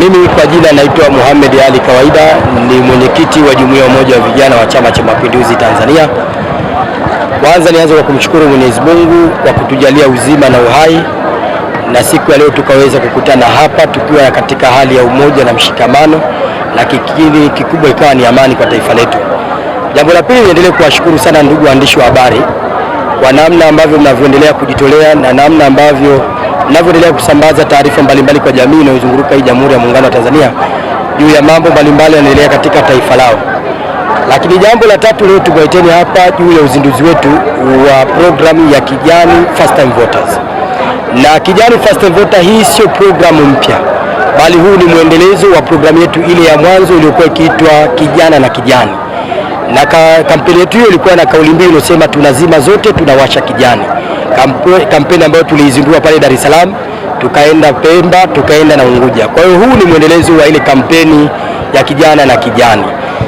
Mimi kwa jina naitwa Muhammad Ali Kawaida, ni mwenyekiti wa Jumuiya Umoja wa Vijana wa Chama cha Mapinduzi Tanzania. Kwanza nianze kwa kumshukuru Mwenyezi Mungu kwa kutujalia uzima na uhai na siku ya leo tukaweza kukutana hapa tukiwa katika hali ya umoja na mshikamano, na kikini kikubwa ikawa ni amani kwa taifa letu. Jambo la pili, niendelee kuwashukuru sana ndugu waandishi wa habari kwa namna ambavyo mnavyoendelea kujitolea na namna ambavyo mnavyoendelea kusambaza taarifa mbalimbali kwa jamii inayozunguka hii Jamhuri ya Muungano wa Tanzania juu ya mambo mbalimbali yanaendelea katika taifa lao. Lakini jambo la tatu leo tumewaiteni hapa juu ya uzinduzi wetu wa programu ya Kijani First Time Voters. Na Kijani First Time Voter hii sio programu mpya, bali huu ni mwendelezo wa programu yetu ile ya mwanzo iliyokuwa ikiitwa Kijana na Kijani na ka, kampeni yetu hiyo ilikuwa na kauli mbiu iliyosema tunazima zote tunawasha kijani, kampeni ambayo tuliizindua pale Dar es Salaam, tukaenda Pemba, tukaenda na Unguja. Kwa hiyo huu ni mwendelezo wa ile kampeni ya kijana na kijani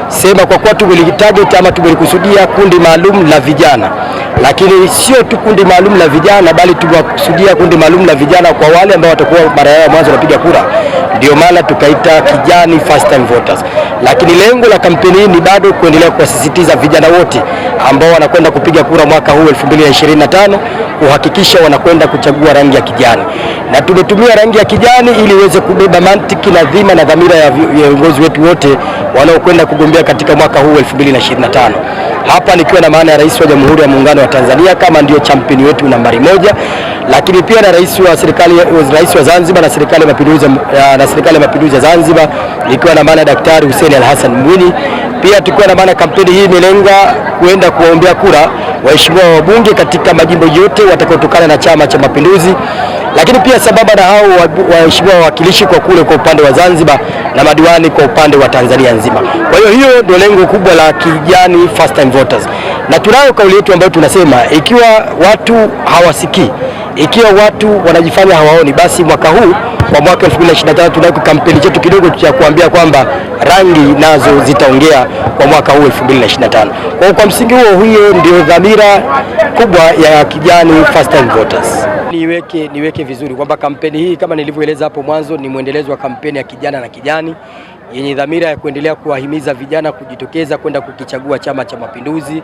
sema, kwa kuwa tumelitarget ama tumelikusudia kundi maalum la vijana, lakini sio tu kundi maalum la vijana, bali tumekusudia kundi maalum la vijana kwa wale ambao watakuwa mara yao mwanzo wanapiga kura. Ndio maana tukaita kijani first time voters lakini lengo la kampeni hii ni bado kuendelea kuwasisitiza vijana wote ambao wanakwenda kupiga kura mwaka huu 2025 kuhakikisha wanakwenda kuchagua rangi ya kijani, na tumetumia rangi ya kijani ili iweze kubeba mantiki na dhima na dhamira ya viongozi wetu wote wanaokwenda kugombea katika mwaka huu 2025. Hapa nikiwa na maana ya Rais wa Jamhuri ya Muungano wa Tanzania kama ndio champion wetu nambari moja lakini pia na rais wa serikali rais wa Zanzibar na serikali ya mapinduzi na serikali ya mapinduzi ya Zanzibar ikiwa na maana Daktari Hussein Al Hassan Mwinyi. Pia tukiwa na maana kampeni hii imelenga kuenda kuwaombea kura waheshimiwa wabunge katika majimbo yote watakaotokana na Chama cha Mapinduzi, lakini pia sambamba na hao waheshimiwa wawakilishi kwa kule kwa upande wa Zanzibar na madiwani kwa upande wa Tanzania nzima. Kwa hiyo hiyo ndio lengo kubwa la Kijani First Time Voters, na tunayo kauli yetu ambayo tunasema ikiwa watu hawasikii ikiwa watu wanajifanya hawaoni, basi mwaka huu kwa mwaka 2023 na kampeni chetu kidogo cha kuambia kwamba rangi nazo zitaongea kwa mwaka huu 2025. Kwa kwa msingi huo, hiyo ndio dhamira kubwa ya kijani first time voters. Niweke, niweke vizuri kwamba kampeni hii kama nilivyoeleza hapo mwanzo ni mwendelezo wa kampeni ya kijana na kijani yenye dhamira ya kuendelea kuwahimiza vijana kujitokeza kwenda kukichagua Chama cha Mapinduzi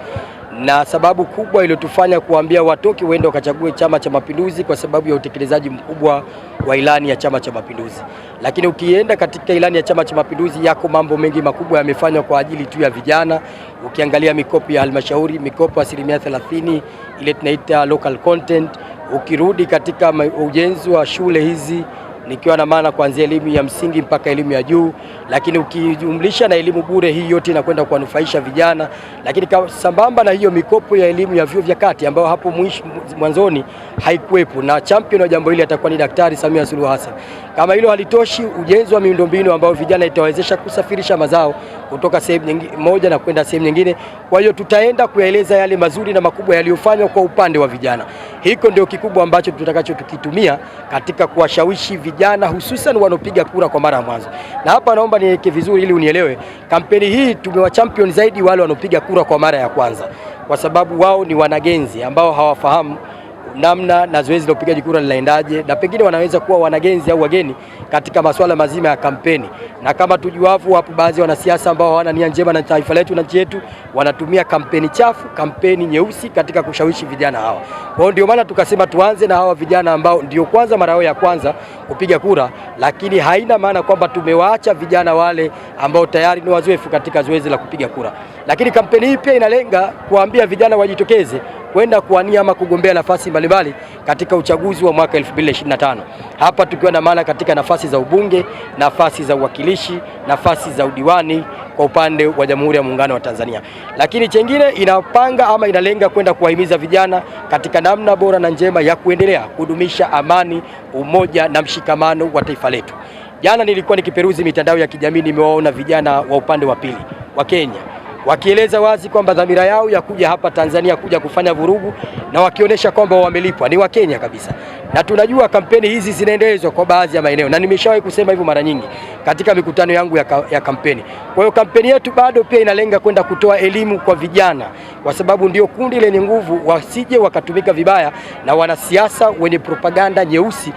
na sababu kubwa iliyotufanya kuambia watoki waende wakachague Chama cha Mapinduzi kwa sababu ya utekelezaji mkubwa wa ilani ya Chama cha Mapinduzi. Lakini ukienda katika ilani ya Chama cha Mapinduzi, yako mambo mengi makubwa yamefanywa kwa ajili tu ya vijana. Ukiangalia mikopo ya halmashauri, mikopo asilimia 30 ile tunaita local content, ukirudi katika ujenzi wa shule hizi nikiwa na maana kuanzia elimu ya msingi mpaka elimu ya juu, lakini ukijumlisha na elimu bure, hii yote inakwenda kuwanufaisha vijana, lakini sambamba na hiyo mikopo ya elimu ya vyuo vya kati ambayo hapo mwisho mwanzoni haikuwepo, na champion wa jambo hili atakuwa ni Daktari Samia Suluhu Hassan. Kama hilo halitoshi, ujenzi wa miundombinu ambayo vijana itawawezesha kusafirisha mazao kutoka sehemu moja na kwenda sehemu nyingine. Kwa hiyo tutaenda kuyaeleza yale mazuri na makubwa yaliyofanywa kwa upande wa vijana. Hiko ndio kikubwa ambacho tutakacho tukitumia katika kuwashawishi vijana, hususan wanaopiga kura kwa mara ya mwanzo. Na hapa naomba niweke vizuri ili unielewe, kampeni hii tumewa champion zaidi wale wanaopiga kura kwa mara ya kwanza, kwa sababu wao ni wanagenzi ambao hawafahamu namna na zoezi la upigaji kura linaendaje, na pengine wanaweza kuwa wanagenzi au wageni katika masuala mazima ya kampeni. Na kama tujuavu, wapo baadhi ya wanasiasa ambao hawana nia njema na taifa letu na nchi yetu, wanatumia kampeni chafu, kampeni nyeusi katika kushawishi vijana hawa. Kwa hiyo ndio maana tukasema tuanze na hawa vijana ambao ndio kwanza mara yao ya kwanza kupiga kura, lakini haina maana kwamba tumewaacha vijana wale ambao tayari ni wazoefu katika zoezi la kupiga kura. Lakini kampeni hii pia inalenga kuwaambia vijana wajitokeze kwenda kuwania ama kugombea nafasi mbalimbali katika uchaguzi wa mwaka 2025. Hapa tukiwa na maana katika nafasi za ubunge, nafasi za uwakilishi, nafasi za udiwani kwa upande wa Jamhuri ya Muungano wa Tanzania. Lakini chengine inapanga ama inalenga kwenda kuwahimiza vijana katika namna bora na njema ya kuendelea kudumisha amani, umoja na mshikamano wa taifa letu. Jana nilikuwa nikiperuzi mitandao ya kijamii, nimewaona vijana wa upande wa pili wa Kenya wakieleza wazi kwamba dhamira yao ya kuja hapa Tanzania kuja kufanya vurugu na wakionyesha kwamba wamelipwa, ni Wakenya kabisa, na tunajua kampeni hizi zinaendelezwa kwa baadhi ya maeneo, na nimeshawahi kusema hivyo mara nyingi katika mikutano yangu ya, ka, ya kampeni. Kwa hiyo kampeni yetu bado pia inalenga kwenda kutoa elimu kwa vijana, kwa sababu ndio kundi lenye nguvu, wasije wakatumika vibaya na wanasiasa wenye propaganda nyeusi.